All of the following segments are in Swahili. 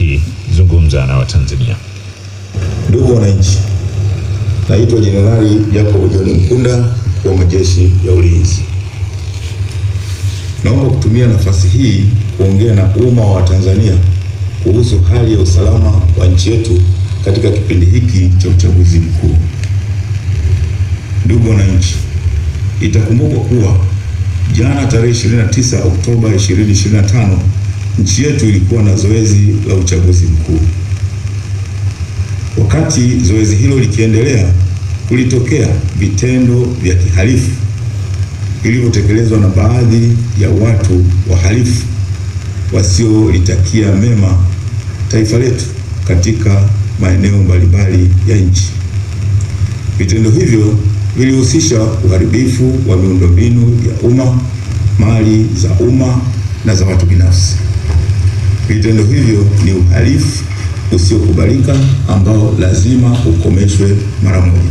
akizungumza na Watanzania. Ndugu wananchi, naitwa Jenerali Jacob John Mkunda wa majeshi ya ulinzi. Naomba kutumia nafasi hii kuongea na umma wa Tanzania kuhusu hali ya usalama wa nchi yetu katika kipindi hiki cha uchaguzi mkuu. Ndugu wananchi, itakumbukwa kuwa jana tarehe 29 Oktoba 2025 nchi yetu ilikuwa na zoezi la uchaguzi mkuu. Wakati zoezi hilo likiendelea, kulitokea vitendo vya kihalifu vilivyotekelezwa na baadhi ya watu wahalifu wasiolitakia mema taifa letu katika maeneo mbalimbali ya nchi. Vitendo hivyo vilihusisha uharibifu wa miundombinu ya umma, mali za umma na za watu binafsi. Vitendo hivyo ni uhalifu usiokubalika ambao lazima ukomeshwe mara moja.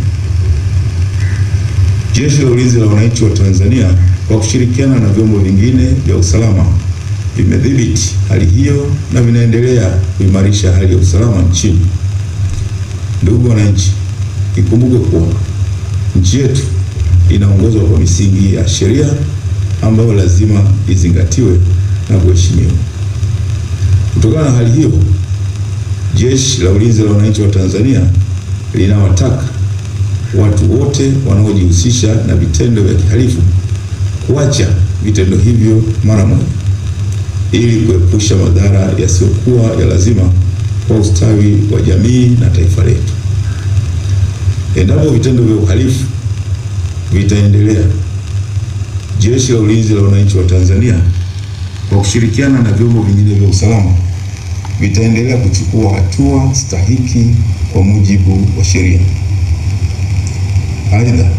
Jeshi la Ulinzi la Wananchi wa Tanzania kwa kushirikiana na vyombo vingine vya usalama vimedhibiti hali hiyo na vinaendelea kuimarisha hali ya usalama nchini. Ndugu wananchi, ikumbuke kuwa nchi yetu inaongozwa kwa misingi ya sheria ambayo lazima izingatiwe na kuheshimiwa. Kutokana na hali hiyo, Jeshi la Ulinzi la Wananchi wa Tanzania linawataka watu wote wanaojihusisha na vitendo vya kihalifu kuacha vitendo hivyo mara moja ili kuepusha madhara yasiyokuwa ya lazima kwa ustawi wa jamii na taifa letu. Endapo vitendo vya uhalifu vitaendelea, Jeshi la Ulinzi la Wananchi wa Tanzania kwa kushirikiana na vyombo vingine vya usalama vitaendelea kuchukua hatua stahiki kwa mujibu wa sheria. Aidha,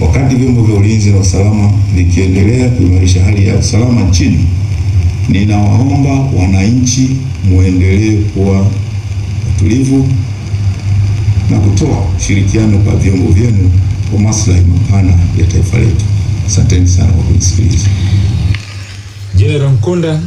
wakati vyombo vya ulinzi na usalama vikiendelea kuimarisha hali ya usalama nchini, ninawaomba wananchi muendelee kuwa watulivu na kutoa ushirikiano kwa vyombo vyenu kwa maslahi mapana ya taifa letu. Asanteni sana kwa kunisikiliza. General Mkunda.